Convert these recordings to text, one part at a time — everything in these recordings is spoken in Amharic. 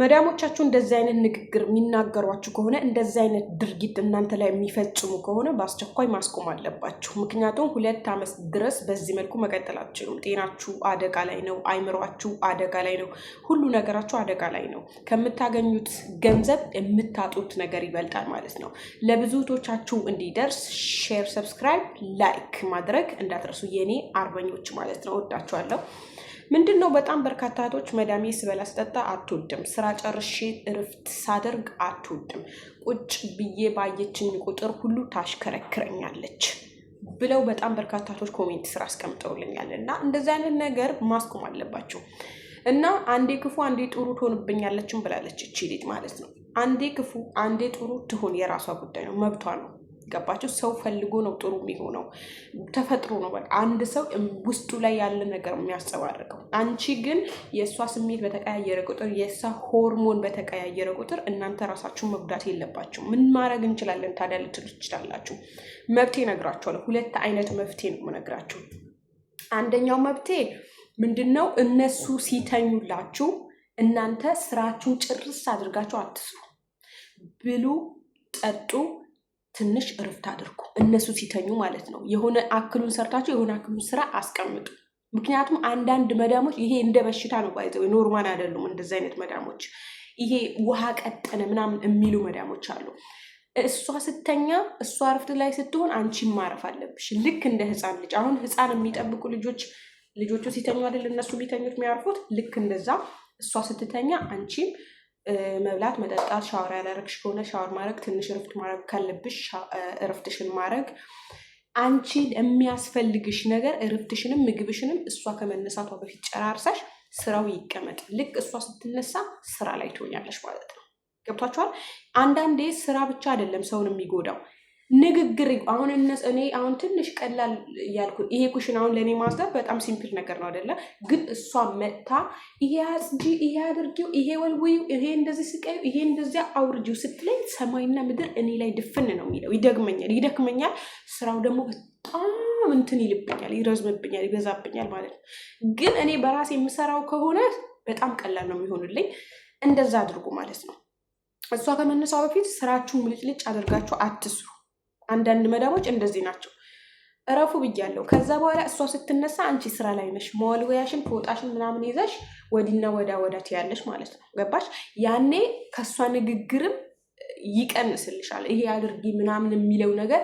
መዳሞቻችሁ እንደዚህ አይነት ንግግር የሚናገሯችሁ ከሆነ እንደዚህ አይነት ድርጊት እናንተ ላይ የሚፈጽሙ ከሆነ በአስቸኳይ ማስቆም አለባችሁ። ምክንያቱም ሁለት ዓመት ድረስ በዚህ መልኩ መቀጠል አትችሉም። ጤናችሁ አደጋ ላይ ነው። አይምሯችሁ አደጋ ላይ ነው። ሁሉ ነገራችሁ አደጋ ላይ ነው። ከምታገኙት ገንዘብ የምታጡት ነገር ይበልጣል ማለት ነው። ለብዙቶቻችሁ እንዲደርስ ሼር፣ ሰብስክራይብ፣ ላይክ ማድረግ እንዳትረሱ የእኔ አርበኞች ማለት ነው። ወዳችኋለሁ። ምንድን ነው በጣም በርካታ እህቶች መዳሜ ስበላ ስጠጣ አትወድም፣ ስራ ጨርሼ እርፍት ሳደርግ አትወድም፣ ቁጭ ብዬ ባየችኝ ቁጥር ሁሉ ታሽከረክረኛለች ብለው በጣም በርካታ እህቶች ኮሜንት ስራ አስቀምጠውልኛል። እና እንደዚህ አይነት ነገር ማስቆም አለባቸው። እና አንዴ ክፉ አንዴ ጥሩ ትሆንብኛለችም ብላለች እቺ ልጅ ማለት ነው። አንዴ ክፉ አንዴ ጥሩ ትሆን የራሷ ጉዳይ ነው፣ መብቷ ነው። የሚገባቸው ሰው ፈልጎ ነው ጥሩ የሚሆነው። ተፈጥሮ ነው በቃ አንድ ሰው ውስጡ ላይ ያለ ነገር የሚያንጸባርቀው። አንቺ ግን የእሷ ስሜት በተቀያየረ ቁጥር፣ የእሷ ሆርሞን በተቀያየረ ቁጥር እናንተ ራሳችሁን መጉዳት የለባቸው። ምን ማድረግ እንችላለን ታዲያ ልትሉ ትችላላችሁ። መብቴ ነግራችኋለሁ። ሁለት አይነት መፍትሄ ነው የምነግራችሁ። አንደኛው መብቴ ምንድን ነው? እነሱ ሲተኙላችሁ እናንተ ስራችሁን ጭርስ አድርጋችሁ አትስሩ። ብሉ፣ ጠጡ ትንሽ እርፍት አድርጉ። እነሱ ሲተኙ ማለት ነው። የሆነ አክሉን ሰርታችሁ የሆነ አክሉን ስራ አስቀምጡ። ምክንያቱም አንዳንድ መዳሞች ይሄ እንደ በሽታ ነው ባይዘው ኖርማል አይደሉም። እንደዚህ አይነት መዳሞች ይሄ ውሃ ቀጠነ ምናምን የሚሉ መዳሞች አሉ። እሷ ስተኛ እሷ እረፍት ላይ ስትሆን አንቺ ማረፍ አለብሽ። ልክ እንደ ህፃን ልጅ አሁን ህፃን የሚጠብቁ ልጆች ልጆቹ ሲተኙ አይደል እነሱ የሚተኙት የሚያርፉት ልክ እንደዛ እሷ ስትተኛ አንቺም መብላት፣ መጠጣት፣ ሻወር ያላረግሽ ከሆነ ሻወር ማድረግ፣ ትንሽ እርፍት ማድረግ ካለብሽ እርፍትሽን ማድረግ አንቺ የሚያስፈልግሽ ነገር እርፍትሽንም ምግብሽንም እሷ ከመነሳቷ በፊት ጨራርሰሽ ስራው ይቀመጥ። ልክ እሷ ስትነሳ ስራ ላይ ትሆኛለሽ ማለት ነው። ገብቷችኋል? አንዳንዴ ስራ ብቻ አይደለም ሰውን የሚጎዳው ንግግር አሁን እነሱ እኔ አሁን ትንሽ ቀላል እያልኩ ይሄ ኩሽን አሁን ለእኔ ማስጠር በጣም ሲምፕል ነገር ነው አይደለ? ግን እሷ መጥታ ይሄ አጽጂ፣ ይሄ አድርጊው፣ ይሄ ወልውዩ፣ ይሄ እንደዚህ ስቀዩ፣ ይሄ እንደዚያ አውርጂው ስትለኝ ሰማይና ምድር እኔ ላይ ድፍን ነው የሚለው። ይደግመኛል ይደክመኛል። ስራው ደግሞ በጣም እንትን ይልብኛል፣ ይረዝምብኛል፣ ይበዛብኛል ማለት ነው። ግን እኔ በራሴ የምሰራው ከሆነ በጣም ቀላል ነው የሚሆንልኝ። እንደዛ አድርጉ ማለት ነው። እሷ ከመነሳው በፊት ስራችሁ ምልጭልጭ አድርጋችሁ አትስሩ። አንዳንድ መዳሞች እንደዚህ ናቸው። እረፉ ብያለሁ። ከዛ በኋላ እሷ ስትነሳ አንቺ ስራ ላይ ነሽ፣ መወልወያሽን ፎጣሽን ምናምን ይዘሽ ወዲና ወዳ ወዳ ትያለሽ ማለት ነው። ገባሽ? ያኔ ከእሷ ንግግርም ይቀንስልሻል። ይሄ አድርጊ ምናምን የሚለው ነገር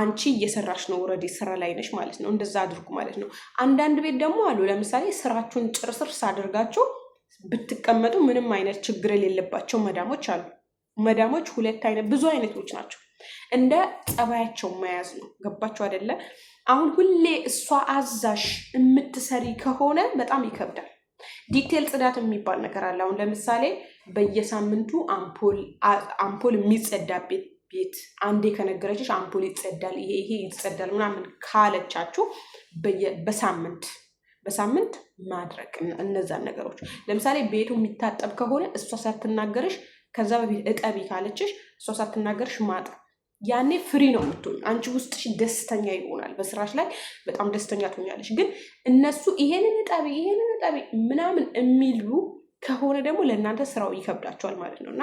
አንቺ እየሰራሽ ነው፣ ወረዴ ስራ ላይ ነሽ ማለት ነው። እንደዛ አድርጉ ማለት ነው። አንዳንድ ቤት ደግሞ አሉ፣ ለምሳሌ ስራችሁን ጭርስር ሳደርጋቸው ብትቀመጡ ምንም አይነት ችግር የሌለባቸው መዳሞች አሉ። መዳሞች ሁለት አይነት ብዙ አይነቶች ናቸው። እንደ ጸባያቸው መያዝ ነው። ገባቸው አይደለ? አሁን ሁሌ እሷ አዛሽ የምትሰሪ ከሆነ በጣም ይከብዳል። ዲቴል ጽዳት የሚባል ነገር አለ። አሁን ለምሳሌ በየሳምንቱ አምፖል የሚጸዳበት ቤት አንዴ ከነገረችሽ አምፖል ይጸዳል፣ ይሄ ይሄ ይጸዳል ምናምን ካለቻችሁ በሳምንት በሳምንት ማድረግ እነዛን ነገሮች ለምሳሌ ቤቱ የሚታጠብ ከሆነ እሷ ሳትናገርሽ ከዛ በፊት እጠቢ ካለችሽ እሷ ሳትናገርሽ ማጠብ ያኔ ፍሪ ነው የምትሆኝ። አንቺ ውስጥሽ ደስተኛ ይሆናል። በስራሽ ላይ በጣም ደስተኛ ትሆኛለሽ። ግን እነሱ ይሄንን እጠቢ፣ ይሄንን እጠቢ ምናምን የሚሉ ከሆነ ደግሞ ለእናንተ ስራው ይከብዳቸዋል ማለት ነው። እና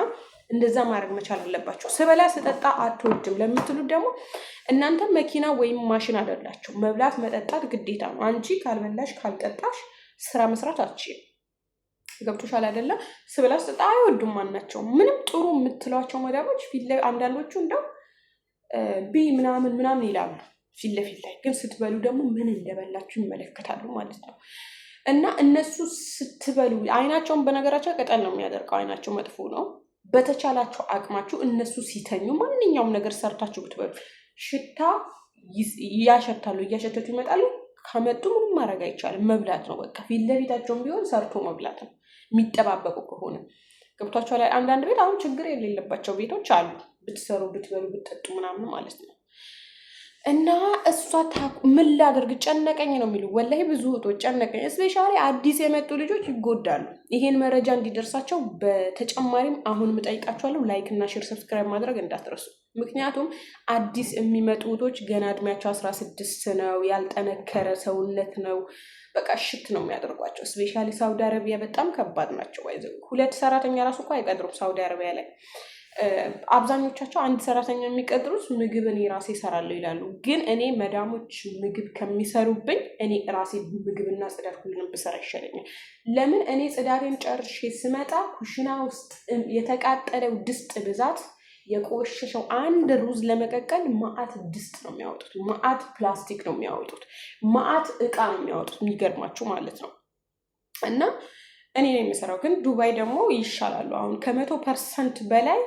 እንደዛ ማድረግ መቻል አለባቸው። ስበላ ስጠጣ አትወድም ለምትሉት ደግሞ እናንተ መኪና ወይም ማሽን አደላቸው መብላት መጠጣት ግዴታ ነው። አንቺ ካልበላሽ ካልጠጣሽ ስራ መስራት አትችይም። ገብቶሻል አይደለም? ስበላ ስጠጣ አይወዱም ማናቸው። ምንም ጥሩ የምትሏቸው መዳቦች አንዳንዶቹ እንደው ቢ ምናምን ምናምን ይላሉ። ፊት ለፊት ላይ ግን ስትበሉ ደግሞ ምን እንደበላችሁ ይመለከታሉ ማለት ነው። እና እነሱ ስትበሉ አይናቸውን በነገራቸው ቅጠል ነው የሚያደርገው። አይናቸው መጥፎ ነው። በተቻላቸው አቅማችሁ እነሱ ሲተኙ ማንኛውም ነገር ሰርታችሁ ብትበሉ ሽታ ያሸታሉ፣ እያሸተቱ ይመጣሉ። ከመጡ ምንም ማድረግ አይቻልም። መብላት ነው በቃ። ፊት ለፊታቸውም ቢሆን ሰርቶ መብላት ነው የሚጠባበቁ ከሆነ ገብቷቸው ላይ አንዳንድ ቤት አሁን ችግር የሌለባቸው ቤቶች አሉ ብትሰሩ ብትበሉ ብትጠጡ ምናምን ማለት ነው። እና እሷ ምን ላደርግ ጨነቀኝ ነው የሚሉ ወላሂ ብዙ እህቶች ጨነቀኝ። እስፔሻሊ አዲስ የመጡ ልጆች ይጎዳሉ። ይሄን መረጃ እንዲደርሳቸው በተጨማሪም አሁን ምጠይቃችኋለሁ ላይክ እና ሼር ሰብስክራይብ ማድረግ እንዳትረሱ። ምክንያቱም አዲስ የሚመጡ እህቶች ገና እድሜያቸው አስራ ስድስት ነው፣ ያልጠነከረ ሰውነት ነው፣ በቃ ሽት ነው የሚያደርጓቸው። እስፔሻሊ ሳውዲ አረቢያ በጣም ከባድ ናቸው። ሁለት ሰራተኛ ራሱ እኳ አይቀጥሩም ሳውዲ አረቢያ ላይ አብዛኞቻቸው አንድ ሰራተኛ የሚቀጥሩት ምግብ እኔ ራሴ እሰራለሁ ይላሉ። ግን እኔ መዳሞች ምግብ ከሚሰሩብኝ እኔ ራሴ ምግብና ጽዳት ሁሉንም ብሰራ ይሻለኛል። ለምን እኔ ጽዳቴን ጨርሼ ስመጣ ኩሽና ውስጥ የተቃጠለው ድስት ብዛት የቆሸሸው አንድ ሩዝ ለመቀቀል ማአት ድስት ነው የሚያወጡት፣ ማአት ፕላስቲክ ነው የሚያወጡት፣ ማአት እቃ ነው የሚያወጡት። የሚገርማችሁ ማለት ነው እና እኔ ነው የምሰራው። ግን ዱባይ ደግሞ ይሻላሉ። አሁን ከመቶ ፐርሰንት በላይ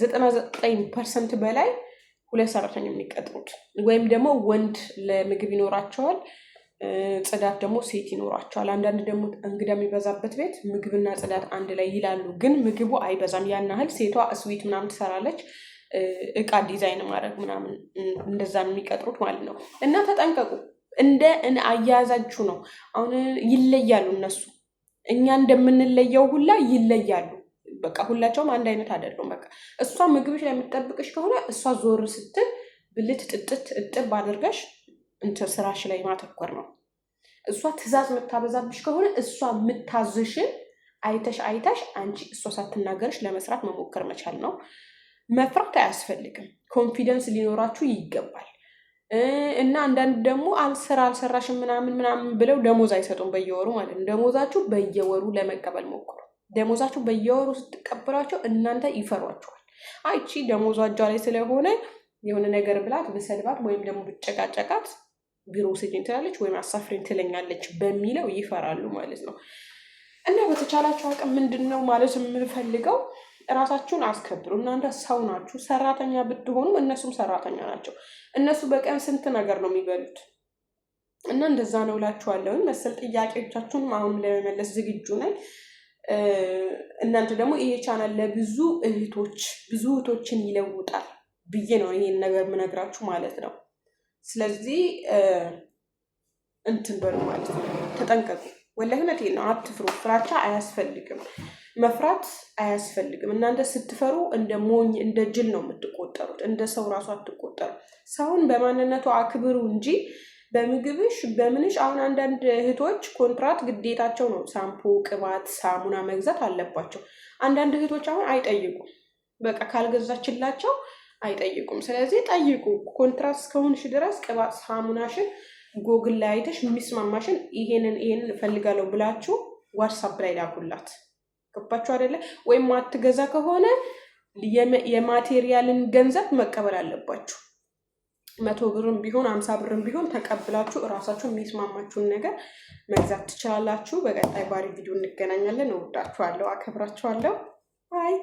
ዘጠና ዘጠኝ ፐርሰንት በላይ ሁለት ሰራተኛ የሚቀጥሩት ወይም ደግሞ ወንድ ለምግብ ይኖራቸዋል፣ ጽዳት ደግሞ ሴት ይኖራቸዋል። አንዳንድ ደግሞ እንግዳ የሚበዛበት ቤት ምግብና ጽዳት አንድ ላይ ይላሉ፣ ግን ምግቡ አይበዛም ያን ያህል። ሴቷ ስዊት ምናምን ትሰራለች እቃ ዲዛይን ማድረግ ምናምን እንደዛ የሚቀጥሩት ማለት ነው። እና ተጠንቀቁ፣ እንደ አያያዛችሁ ነው። አሁን ይለያሉ እነሱ እኛ እንደምንለየው ሁላ ይለያሉ። በቃ ሁላቸውም አንድ አይነት አይደሉም። በቃ እሷ ምግብሽ ላይ የምትጠብቅሽ ከሆነ እሷ ዞር ስትል ብልት ጥጥት እጥብ አድርገሽ እንትን ስራሽ ላይ ማተኮር ነው። እሷ ትዕዛዝ የምታበዛብሽ ከሆነ እሷ የምታዝሽን አይተሽ አይተሽ አንቺ እሷ ሳትናገርሽ ለመስራት መሞከር መቻል ነው። መፍራት አያስፈልግም። ኮንፊደንስ ሊኖራችሁ ይገባል። እና አንዳንድ ደግሞ አልስራ አልሰራሽም ምናምን ምናምን ብለው ደሞዝ አይሰጡም በየወሩ ማለት ነው። ደሞዛችሁ በየወሩ ለመቀበል ሞክሩ። ደሞዛችሁ በየወሩ ስትቀበሏቸው እናንተ ይፈሯቸዋል አይቺ ደሞዟ እጇ ላይ ስለሆነ የሆነ ነገር ብላት በሰልባት ወይም ደግሞ ብጨቃጨቃት ቢሮ ስጅን ትላለች ወይም አሳፍሬን ትለኛለች በሚለው ይፈራሉ ማለት ነው። እና በተቻላችሁ አቅም ምንድን ነው ማለት የምንፈልገው እራሳችሁን አስከብሩ። እናንተ ሰው ናችሁ። ሰራተኛ ብትሆኑም እነሱም ሰራተኛ ናቸው። እነሱ በቀን ስንት ነገር ነው የሚበሉት። እና እንደዛ ነው እላችኋለሁ። መሰል ጥያቄዎቻችሁንም አሁን ለመመለስ ዝግጁ ነን። እናንተ ደግሞ ይሄ ቻናል ለብዙ እህቶች ብዙ እህቶችን ይለውጣል ብዬ ነው ይሄን ነገር የምነግራችሁ ማለት ነው። ስለዚህ እንትን በሉ ማለት ነው። ተጠንቀቁ። ወላሂ ነው። አትፍሩ። ፍራቻ አያስፈልግም፣ መፍራት አያስፈልግም። እናንተ ስትፈሩ እንደ ሞኝ እንደ ጅል ነው የምትቆጠሩት። እንደ ሰው ራሱ አትቆጠሩ። ሰውን በማንነቱ አክብሩ እንጂ በምግብሽ በምንሽ። አሁን አንዳንድ እህቶች ኮንትራት ግዴታቸው ነው ሳምፖ ቅባት፣ ሳሙና መግዛት አለባቸው። አንዳንድ እህቶች አሁን አይጠይቁም፣ በቃ ካልገዛችላቸው አይጠይቁም። ስለዚህ ጠይቁ። ኮንትራት እስከሆንሽ ድረስ ቅባት፣ ሳሙናሽን ጎግል ላይ አይተሽ የሚስማማሽን ይሄንን ይሄንን እፈልጋለሁ ብላችሁ ዋትሳፕ ላይ ላኩላት። ገባችሁ አይደለ? ወይም አትገዛ ከሆነ የማቴሪያልን ገንዘብ መቀበል አለባችሁ። መቶ ብርም ቢሆን አምሳ ብርም ቢሆን ተቀብላችሁ እራሳችሁ የሚስማማችሁን ነገር መግዛት ትችላላችሁ። በቀጣይ ባሪ ቪዲዮ እንገናኛለን። እወዳችኋለሁ፣ አከብራችኋለሁ። ባይ